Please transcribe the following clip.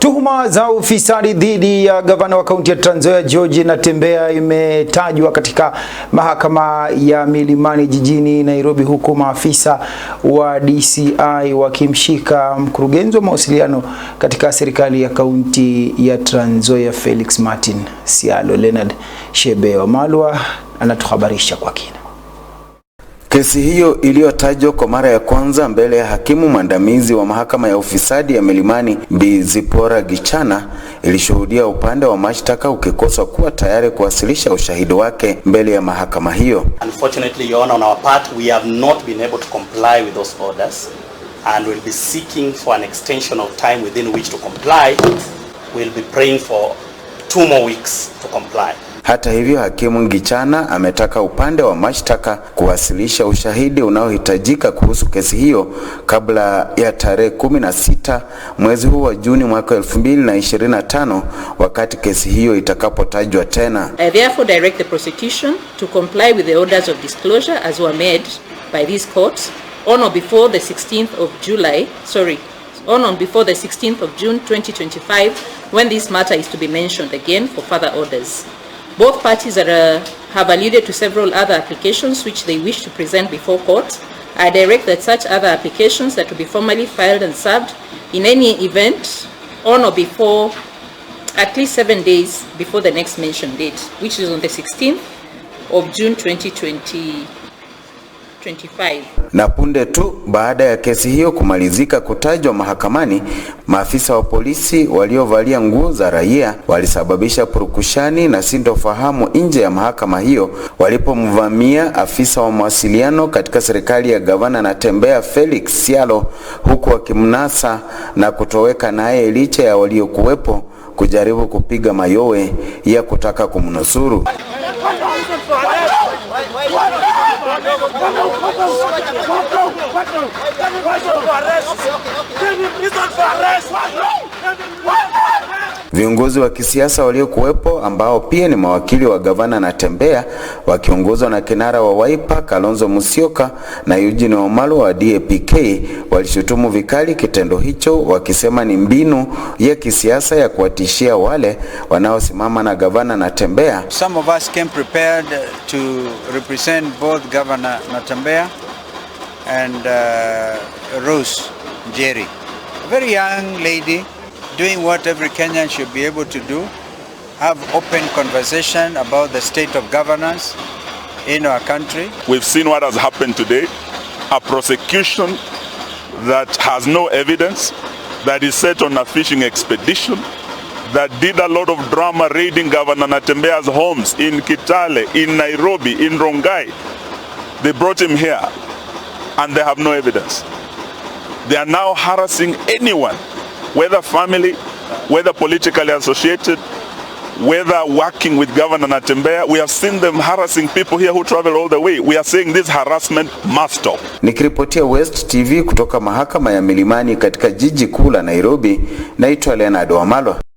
Tuhuma za ufisadi dhidi ya gavana wa kaunti ya Trans Nzoia George Natembeya imetajwa katika mahakama ya Milimani jijini Nairobi, huku maafisa wa DCI wakimshika mkurugenzi wa mawasiliano katika serikali ya kaunti ya Trans Nzoia Felix Martin Sialo. Leonard Shebe wamalwa Malwa anatuhabarisha kwa kina. Kesi hiyo iliyotajwa kwa mara ya kwanza mbele ya hakimu mwandamizi wa mahakama ya ufisadi ya Milimani Bi Zipora Gichana ilishuhudia upande wa mashtaka ukikosa kuwa tayari kuwasilisha ushahidi wake mbele ya mahakama hiyo. Unfortunately, Your Honor, on our part we have not been able to comply with those orders and will be seeking for an extension of time within which to comply. We'll be praying for two more weeks to comply. Hata hivyo, hakimu Ngichana ametaka upande wa mashtaka kuwasilisha ushahidi unaohitajika kuhusu kesi hiyo kabla ya tarehe kumi na sita mwezi huu wa Juni mwaka na tano wakati kesi hiyo itakapotajwa tena. I therefore direct the prosecution to comply with the orders of disclosure as were made by this court on or before the 16th of July, sorry, on or before the 16th of June 2025 when this matter is to be mentioned again for further orders. Both parties are, uh, have alluded to several other applications which they wish to present before court. I direct that such other applications that to be formally filed and served in any event on or before at least seven days before the next mentioned date, which is on the 16th of June 2020. 25. Na punde tu baada ya kesi hiyo kumalizika kutajwa mahakamani, maafisa wa polisi waliovalia nguo za raia walisababisha purukushani na sintofahamu nje ya mahakama hiyo walipomvamia afisa wa mawasiliano katika serikali ya gavana Natembeya Felix Sialo, huku wakimnasa na kutoweka naye, licha ya waliokuwepo kujaribu kupiga mayowe ya kutaka kumnusuru. Patrão! Patrão! Patrão! Patrão! Patrão! Patrão! Patrão! Patrão! Viongozi wa kisiasa waliokuwepo ambao pia ni mawakili wa gavana Natembeya wakiongozwa na kinara wa Wiper Kalonzo Musyoka na Eugene Wamalwa wa DAP-K walishutumu vikali kitendo hicho, wakisema ni mbinu ya kisiasa ya kuwatishia wale wanaosimama na gavana Natembeya. Some of us came prepared to represent both Governor Natembeya and uh, Rose Njeri, a very young lady doing what every Kenyan should be able to do, have open conversation about the state of governance in our country. We've seen what has happened today, a prosecution that has no evidence, that is set on a fishing expedition, that did a lot of drama raiding Governor Natembea's homes in Kitale, in Nairobi, in Rongai. They brought him here and they have no evidence. They are now harassing anyone whether family, whether politically associated, whether working with Governor natembea we have seen them harassing people here who travel all the way. We are saying this harassment must stop. Nikiripotia West TV kutoka mahakama ya Milimani katika jiji kuu la Nairobi, naitwa Leonard Wamalwa.